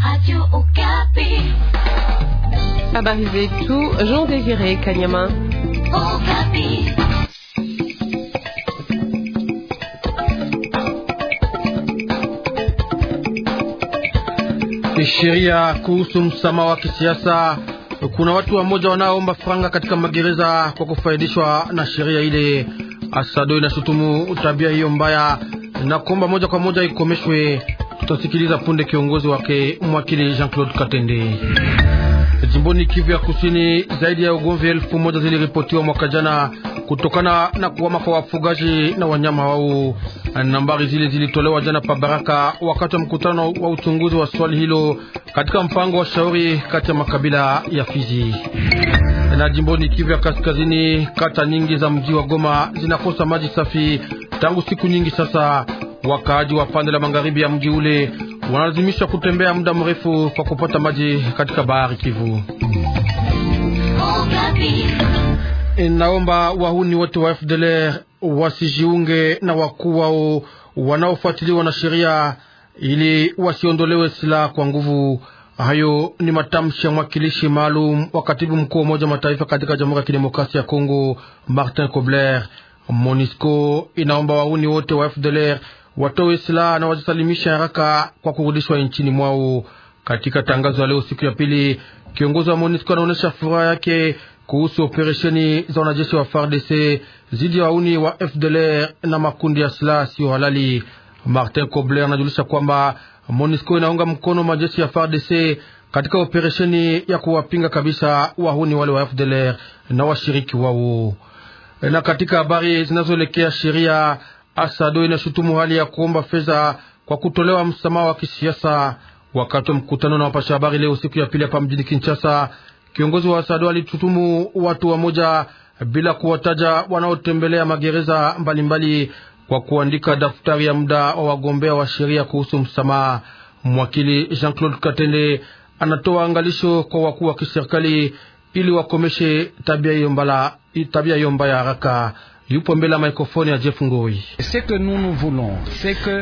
Habari zetu Jean Desire Kanyama. Okapi. Sheria kuhusu msamaha wa kisiasa. Kuna watu wamoja wanaoomba franga katika magereza kwa kufaidishwa na sheria ile. Asado inashutumu tabia hiyo mbaya na kuomba moja kwa moja ikomeshwe. Tutasikiliza punde kiongozi wake mwakili Jean-Claude Katende. Jimboni Kivu ya Kusini, zaidi ya ugomvi elfu moja ziliripotiwa mwaka jana kutokana na kuhama kwa wafugaji na wanyama wao. Nambari zile zilitolewa jana pa Baraka wakati wa mkutano wa uchunguzi wa swali hilo katika mpango wa shauri kati ya makabila ya Fizi na jimboni Kivu ya Kaskazini. Kata nyingi za mji wa Goma zinakosa maji safi tangu siku nyingi sasa. Wakaaji wa pande la magharibi ya mji ule wanalazimishwa kutembea muda mrefu kwa kupata maji katika bahari Kivu. Eh, naomba wahuni wote wa FDLR wasijiunge na wakuu wao wanaofuatiliwa na sheria ili wasiondolewe silaha kwa nguvu. Hayo ni matamshi ya mwakilishi maalum wa katibu mkuu wa Umoja wa Mataifa katika Jamhuri ya Kidemokrasia ya Kongo, Martin Kobler. MONUSCO inaomba wahuni wote wa FDLR watowe silaha na wajisalimisha haraka kwa kurudishwa nchini mwao. Katika tangazo leo siku ya pili, kiongozi wa MONUSCO anaonyesha furaha yake kuhusu operesheni za wanajeshi wa FARDC zidi ya wauni wa FDLR na makundi ya silaha siyo halali. Martin Kobler anajulisha kwamba MONUSCO inaunga mkono majeshi ya FARDC katika operesheni ya kuwapinga kabisa wahuni wale wa FDLR na washiriki wao. Na katika habari zinazoelekea sheria Asado inashutumu hali ya kuomba fedha kwa kutolewa msamaha wa kisiasa. Wakati wa mkutano na wapasha habari leo siku ya pili hapa mjini Kinshasa, kiongozi wa Asado alishutumu watu wamoja bila kuwataja wanaotembelea magereza mbalimbali mbali, kwa kuandika daftari ya muda wa wagombea wa sheria kuhusu msamaha. Mwakili Jean-Claude Katende anatoa angalisho kwa wakuu wa kiserikali ili wakomeshe tabia hiyo mbaya haraka yupo mbele ya mikrofoni ya Jeff Ngoi.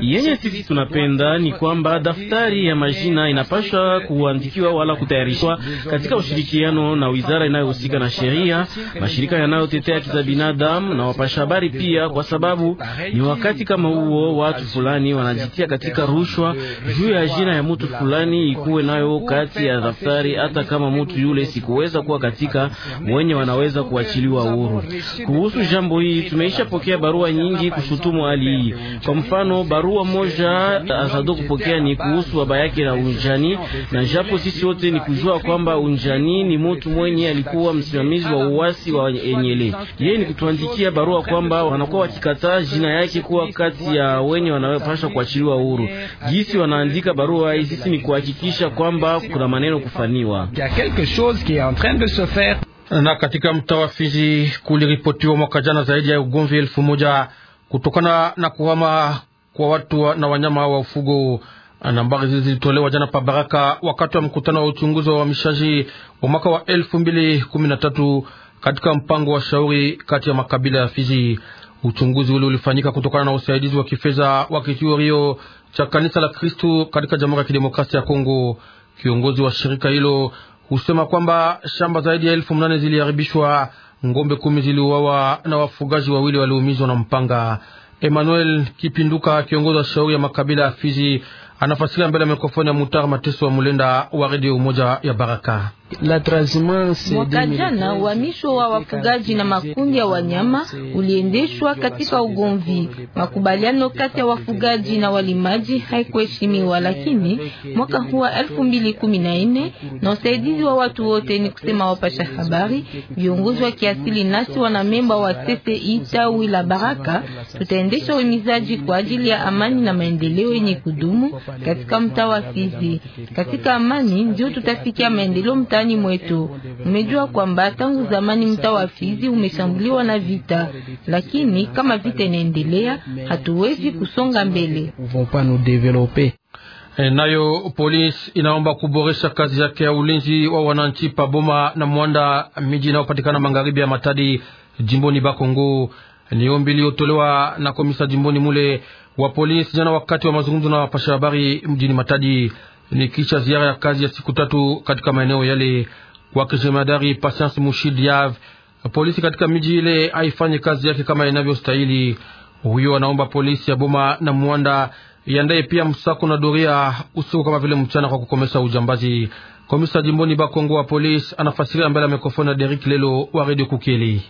Yenye sisi tunapenda ni kwamba daftari ya majina inapashwa kuandikiwa wala kutayarishwa katika ushirikiano na wizara inayohusika na sheria, mashirika yanayotetea haki za binadamu na wapasha habari pia, kwa sababu ni wakati kama huo watu fulani wanajitia katika rushwa juu ya jina ya mtu fulani ikuwe nayo kati ya daftari, hata kama mtu yule sikuweza kuwa katika mwenye wanaweza kuachiliwa huru. Kuhusu jambo hili tumeisha pokea barua nyingi kushutumu hali hii. Kwa mfano, barua moja Azado kupokea ni kuhusu baba yake na Unjani, na japo sisi wote ni kujua kwamba Unjani ni mtu mwenye alikuwa msimamizi wa uwasi wa Enyele. Yeye ni kutuandikia barua kwamba wanakuwa wakikataa jina yake kuwa kati ya wenye wanapasha kuachiliwa huru. Jinsi wanaandika barua hii, sisi ni kuhakikisha kwamba kuna maneno kufaniwa. Na katika mtaa wa Fizi kuliripotiwa mwaka jana zaidi ya ugomvi elfu moja kutokana na kuhama kwa watu na wanyama wa ufugo. Nambari hizi zilitolewa jana pa Baraka wakati wa mkutano wa uchunguzi wa uhamishaji wa mwaka wa elfu mbili kumi na tatu katika mpango wa shauri kati ya makabila ya Fizi. Uchunguzi ule ulifanyika kutokana na usaidizi wa kifedha wa kituo cha kanisa la Kristu katika Jamhuri ya Kidemokrasia ya Kongo. Kiongozi wa shirika hilo husema kwamba shamba zaidi ya elfu mnane ziliharibishwa, ngombe kumi ziliuawa na wafugaji wawili waliumizwa na mpanga. Emmanuel Kipinduka, kiongozi wa shauri ya makabila ya Fizi, anafasiria mbele ya mikrofoni ya Mutar Mateso wa Mulenda wa redio Umoja ya Baraka. Mwaka jana uhamisho wa wafugaji na makundi ya wanyama uliendeshwa katika ugomvi. Makubaliano kati ya wafugaji na walimaji haikuheshimiwa, lakini mwaka huu wa elfu mbili kumi na nne na usaidizi wa watu wote, ni kusema wapasha habari, viongozi wa kiasili, nasi wana memba wa CCI e tawi la Baraka, tutaendesha uhimizaji kwa ajili ya amani na maendeleo yenye kudumu katika mtaa wa Fizi. Katika amani ndio tutafikia maendeleo mtaa nyumbani mwetu. Mmejua kwamba tangu zamani mtaa wa Fizi umeshambuliwa na vita, lakini kama vita inaendelea, hatuwezi kusonga mbele. Eh, nayo polisi inaomba kuboresha kazi yake ya ulinzi wa wananchi pa Boma na Mwanda, miji inayopatikana magharibi ya Matadi, jimboni Bakongo. Ni ombi iliyotolewa na komisa jimboni mule wa polisi jana wakati wa mazungumzo na wapasha habari mjini Matadi ni kisha ziara ya kazi ya siku tatu katika maeneo yale. Wakijemadari Patience Mushid Yav, polisi katika miji ile haifanye kazi yake kama inavyostahili. Huyo anaomba polisi ya Boma na Mwanda yandaye pia msako na doria usiku kama vile mchana kwa kukomesha ujambazi. Komisa jimboni Bakongo wa polisi anafasiria mbele ya mikrofoni ya Derek Lelo wa Radio Kukeli.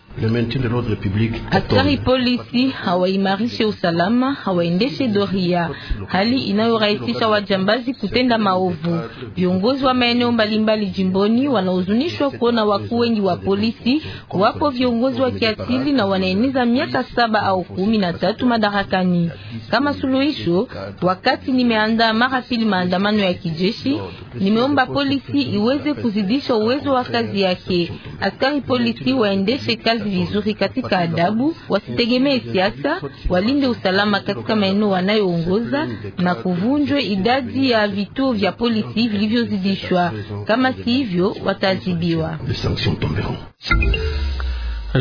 Askari polisi hawaimarishe usalama, hawaendeshe doria, hali inayorahisisha wajambazi kutenda maovu. Viongozi wa maeneo mbalimbali jimboni wanahuzunishwa kuona wakuu wengi wa polisi wapo viongozi wa kiasili na wanaeneza miaka saba au kumi na tatu madarakani. Kama suluhisho, wakati nimeandaa mara pili maandamano ya kijeshi, nimeomba polisi polisi iweze kuzidisha uwezo wa kazi yake. Askari polisi waendeshe kazi vizuri katika adabu, wasitegemee siasa, walinde usalama katika maeneo wanayoongoza na kuvunjwe idadi ya vituo vya polisi vilivyozidishwa. Kama si hivyo, watajibiwa.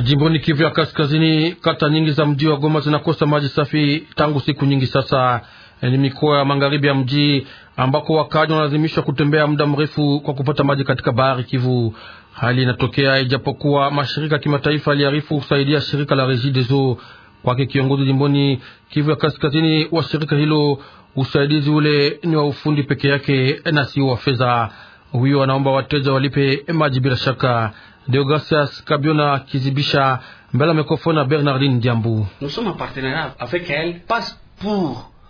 Jimboni Kivu ya Kaskazini, kata nyingi za mji wa Goma zinakosa maji safi tangu siku nyingi sasa ni yaani mikoa ya magharibi ya mji ambako wakaji wanalazimishwa kutembea muda mrefu kwa kupata maji katika bahari Kivu. Hali inatokea ijapokuwa mashirika ya kimataifa yaliarifu kusaidia shirika la Regideso. Kwake kiongozi jimboni Kivu ya kaskazini wa shirika hilo, usaidizi ule ni wa ufundi peke yake na si wa fedha. Huyo anaomba wateja walipe maji bila shaka. Deogratias Kabiona Kizibisha mbele ya mikrofoni na Bernardine Diambu.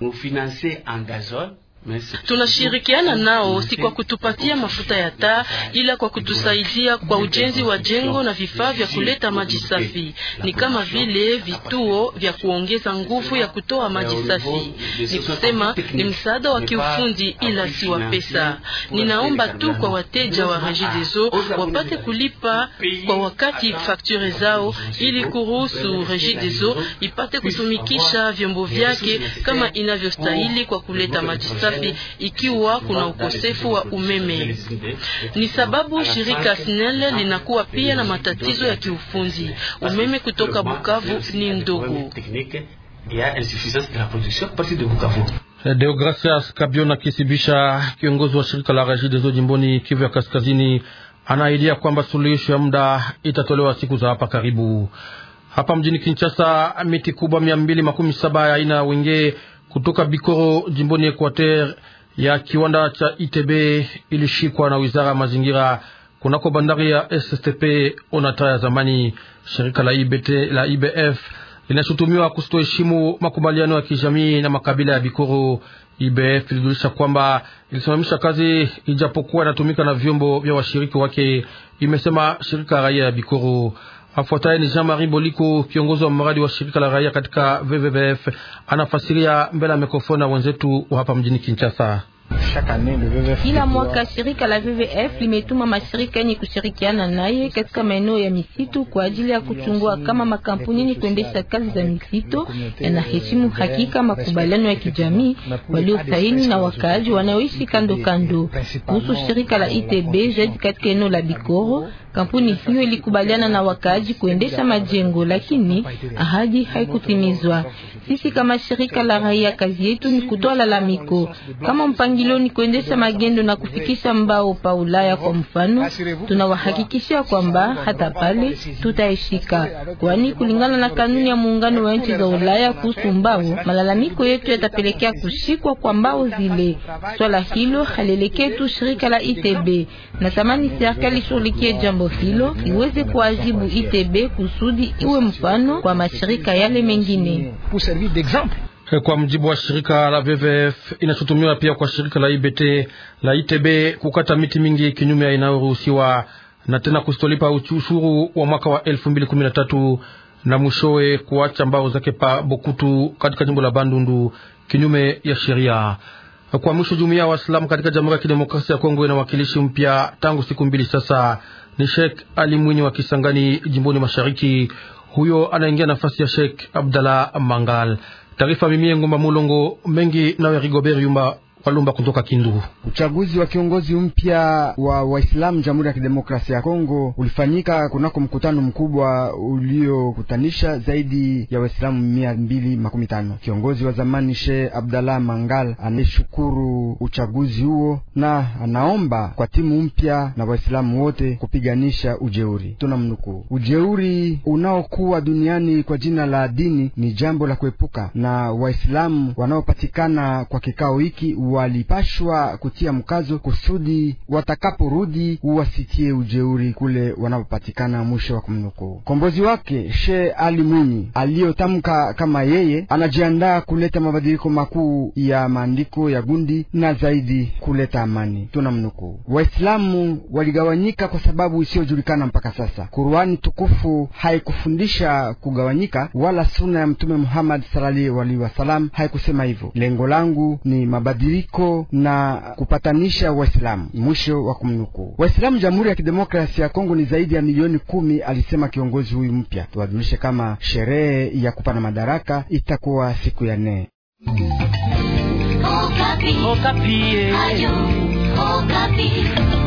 ou financer en gazole Tunashirikiana nao si kwa kutupatia mafuta ya taa, ila kwa kutusaidia kwa ujenzi wa jengo na vifaa vya kuleta maji safi, ni kama vile vituo vya kuongeza nguvu ya kutoa maji safi. Ni kusema ni msaada wa kiufundi, ila si wa pesa. Ninaomba tu kwa wateja wa Regideso wapate kulipa kwa wakati fakture zao, ili kuruhusu Regideso ipate kutumikisha vyombo vyake kama inavyostahili kwa kuleta maji safi safi ikiwa kuna ukosefu wa umeme. Ni sababu shirika SNEL linakuwa pia na matatizo ya kiufundi. Umeme kutoka Bukavu ni ndogo. Deogracias Kabiona Kisibisha, kiongozi wa shirika la Regideso jimboni Kivu ya Kaskazini, anaidia kwamba suluhisho ya muda itatolewa siku za hapa karibu. Hapa mjini Kinshasa, miti kubwa mia mbili makumi saba ya aina wenge kutoka Bikoro jimboni Equateur ya kiwanda cha ITB ilishikwa na wizara ya mazingira kunako bandari ya SSTP Onatra ya zamani. Shirika la, IBT, la IBF linashutumiwa kusitoheshimu makubaliano ya kijamii na makabila ya Bikoro. IBF ilijulisha kwamba ilisimamisha kazi ijapokuwa inatumika na vyombo vya washiriki wake, imesema shirika raia ya Bikoro. Afuataye ni Jean-Marie Boliko, kiongozi wa mradi wa shirika la raia katika VVVF, anafasiria mbele ya mikrofoni ya wenzetu hapa mjini Kinshasa. Kila mwaka shirika la WWF limetuma mashirika yenye kushirikiana naye katika maeneo ya misitu kwa ajili ya kuchungua kama makampuni yenye kuendesha kazi za misitu yanaheshimu hakika makubaliano ya kijamii waliosaini na wakaaji wanaoishi kando kando. Kuhusu shirika la ITB zaidi katika eneo la Bikoro, kampuni hiyo ilikubaliana na wakaaji kuendesha majengo, lakini ahadi haikutimizwa. Sisi kama shirika la raia, kazi yetu ni kutoa lalamiko. Kama mpangilio ni kuendesha magendo na kufikisha mbao pa Ulaya kwa mfano, tunawahakikishia kwamba hata pale tutaishika, kwani kulingana na kanuni ya muungano wa nchi za Ulaya kuhusu mbao, malalamiko yetu yatapelekea kushikwa kwa mbao zile. Swala hilo halielekee tu shirika la ITB. Natamani serikali shughulikie jambo hilo, iweze kuwajibu ITB kusudi iwe mfano kwa mashirika yale mengine servir d'exemple. Kwa mjibu wa shirika la VVF, inashutumiwa pia kwa shirika la IBT la ITB kukata miti mingi kinyume inayoruhusiwa na tena kustolipa ushuru wa mwaka wa 2013 na mwishowe kuacha mbao zake pa Bokutu katika jimbo la Bandundu kinyume ya sheria. Kwa mwisho, jumuiya ya Waislamu katika Jamhuri ya Kidemokrasia ya Kongo ina wakilishi mpya tangu siku mbili sasa, ni Sheikh Ali Mwinyi wa Kisangani jimboni Mashariki huyo anaingia nafasi ya Sheikh Abdallah Mangal. Taarifa mimi Ngumba Mulongo mengi nawe Rigobert Yumba Walumba kutoka Kindu. Uchaguzi wa kiongozi mpya wa Waislamu Jamhuri ya Kidemokrasia ya Kongo ulifanyika kunako mkutano mkubwa uliokutanisha zaidi ya Waislamu mia mbili makumi tano. Kiongozi wa zamani sheh Abdallah Mangal anashukuru uchaguzi huo na anaomba kwa timu mpya na Waislamu wote kupiganisha ujeuri. Tunamnukuu, ujeuri unaokuwa duniani kwa jina la dini ni jambo la kuepuka, na Waislamu wanaopatikana kwa kikao hiki walipashwa kutia mkazo kusudi watakaporudi uwasitie ujeuri kule wanapopatikana. Mwisho wa kumnuku kombozi wake She Ali Mwinyi aliyotamka kama yeye anajiandaa kuleta mabadiliko makuu ya maandiko ya gundi na zaidi kuleta amani. Tuna mnuku Waislamu waligawanyika kwa sababu isiyojulikana mpaka sasa. Kurani tukufu haikufundisha kugawanyika, wala suna ya Mtume Muhammad sallallahu alaihi wasallam haikusema hivyo. Lengo langu ni mabadiliko mabadiliko na kupatanisha Waislamu. Mwisho wa kumnukuu. Waislamu Jamhuri ya Kidemokrasia ya Kongo ni zaidi ya milioni kumi, alisema kiongozi huyu mpya. Tuwajulishe kama sherehe ya kupana madaraka itakuwa siku ya nne. Okapi. Okapi. Eh. Ayo. Okapi.